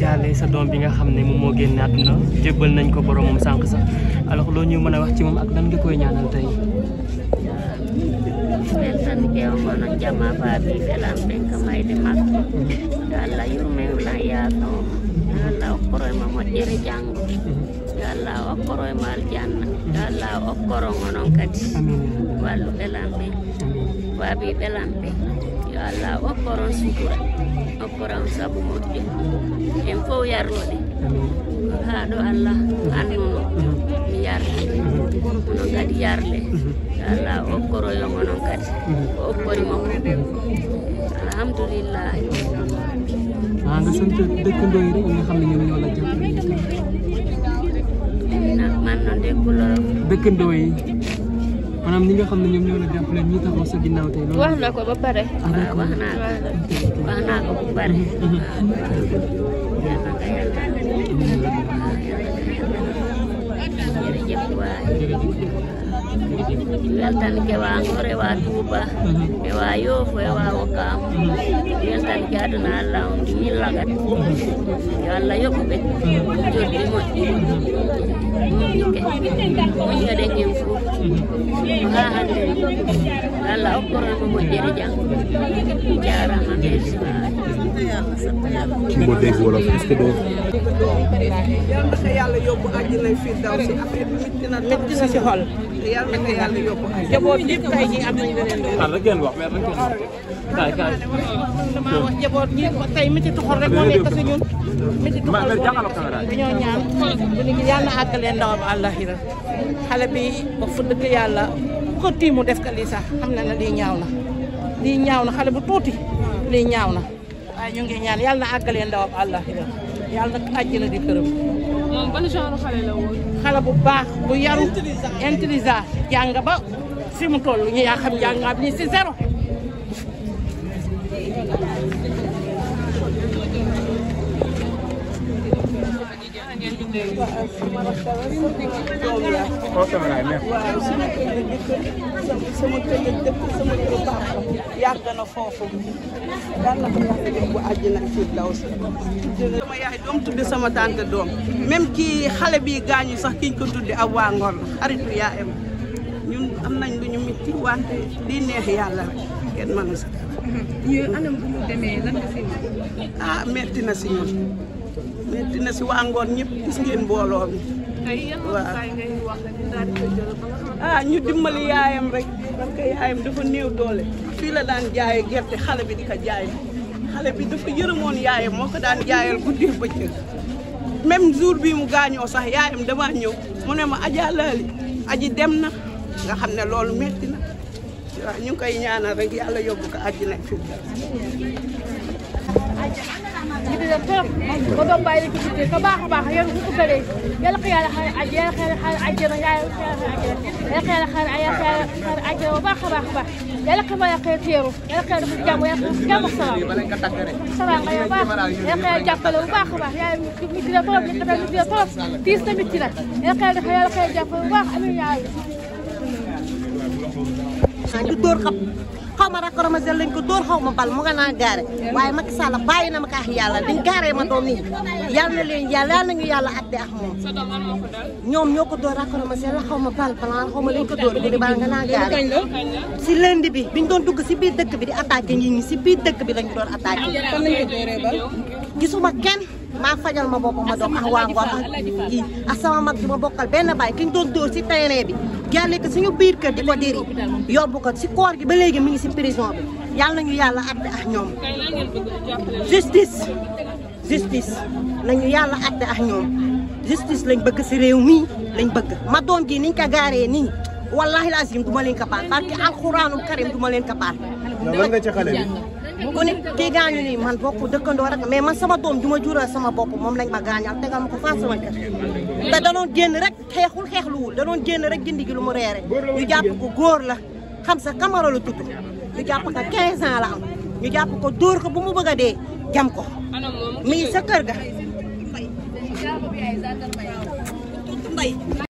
jaale sa doom bi nga xam ne moom moo génn àdduna jébbal nañ ko borom moom sànq sax alors loo ñu mën a wax ci moom ak lan nga koy ñaanal tey men tan ƴeewa kono jama baabiɓe lan ɓen ka mayde makko yo allah ma moƴƴere janngo yo allah okkoro e Allah hokkoron sutura hokkoron sabu moƴƴo en fof yarnoɗe haa ɗo allah annuno mi yarde onon kadi yarde allah hokkoroyon onon kadi o hokkorimo alhamdulillahi a ah, nga sant dëkkandoo yi rek ñi nga xam ne ñoom ñoo la jàppale man maanaam ñi nga xam ne ñoom ñoo la jàppale wax na ko ba pare. Ah, ah, wax naa ko wax pare. Mm-hmm. yel tan ke waa Ngor e waa Tuuba mhm. e waa Yoof e waa Wakaam mhm. yel tan ke aduna allah on ɗimin lagat mhm. yo allah yoɓu ɓe jordi moƴƴi moƴƴoɗen en fof ha hande allah hokkoranmo moƴƴere jam jarama merci mbo dégg wolof est ce que ɗo yal na yàlla yàlla na ko yàlla yokku njaboot ñëpp tey jii am nañu leneen xar rek ngeen wax weer rek ngeen wax kaay damaa wax njaboot ñi tey métti tuxul rek moo nekk si ñun métti tuxul dañoo ñaan bu ñu yàlla na àggalee ndawam àllaaxira xale bi wax fu dëgg yàlla bu ko tiimu def ka lii sax xam na ne lii ñaaw na lii ñaaw na xale bu tuuti lii ñaaw na waaye ñu ngi ñaan yàlla na àggalee ndawam àllaaxira yàlla na àjjana di këram moom ban bu baax bu yaru. intelligent jàng ba fi mu yaa xam jàngaam ni si zéro. gën foofu yal na ko yàlla yóbbu àjjana ci daw si sama yaay doom tudde même kii xale bi gaañu sax kiñ ko tudde aw waa ngor la xaritu yaayam ñun am nañ lu ñu mitti wante lii neex yàlla rek kenn mënu bu demee lan nga si ah, metti na si ñun metti si waa ngoon ñëpp gis ngeen mbooloo mi waaw ah, ñu dimbali yaayam rek parce yaayam dafa néew doole fii la daan jaaye gerte xale bi di ka jaay xale bi dafa yërëmoon yaayam moo ko daan jaayal guddi bëccëg même jour bi mu gaañoo sax yaayam dama ñëw mu ne ma Adja Lali aji dem na nga xam ne loolu metti na ñu ngi koy ñaanal rek yàlla yóbbu ko àjjana fi gis nga trop ba doom bàyyi la ci biir ka baax a baax yow bu ko bëree yàlla xëy na xëy na àjj yàlla xëy na xëy na àjjana yàlla xëy na xëy na yàlla xëy na àjjana bu baax a baax a baax yàlla xëy na yàlla xëy na teeru yàlla xëy na dafa jàmm yàlla xëy na jàmm ak salaam. salaam nga yow baax yàlla xëy na jàppale bu baax a baax yàlla nit dina trop nit dina nit dina trop tiis na nit ci nag yàlla xëy na yàlla xëy na jàppale bu baax amiin yaa xaw ma racromasel lañ ko dóor xaw ma bal mu nga naa gaare waaye Macky Sall bàyyi na ma kaax yàlla di gaaree ma doom nii yàlla na leen yàlla yàlla nañu yàlla atte ak ñoom ñoo ko dóor racromasel la xaw ma bal blanc xaw ma lañ ko dóor guddi bal nga naa gaare si lundi bi biñ doon dugg si biir dëkk bi di attaqué nit si biir dëkk bi lañ doon attaqué gisuma kenn maa fajal ma boppam ma doog ak waa Ngor ak kii ak sama mag bi ma bokkal benn baay ki ñu doon dóor si terrain bi gàllankoor ko suñu biir kër di ko diri yóbbu ko si koor gi ba léegi mi ngi si prison bi yàlla nañu yàlla àtte ak ñoom. justice justice nañu yàlla àtte a ñoom justice lañ bëgg si réew mi lañ bëgg ma doom ji niñ ko gaaree nii. wallahi lazim du ma leen ko baal parce que alxuraanul karim du ma leen ko baal. nga ci xale ku ne kii gaañu nii man bokk dëkkandoo rek mais man sama doom ju ma jural sama bopp moom lañ ma gaañal tegal ma ko faa sama kër te danoon génn rek xeexul xeexluwul danoon génn rek jëndi gi lu mu reere ñu jàpp ko góor la xam sa camara la tudd ñu jàpp ko 15 ans la ñu jàpp ko dóor ko bu mu bëgg a dee jam ko mi sa kër ga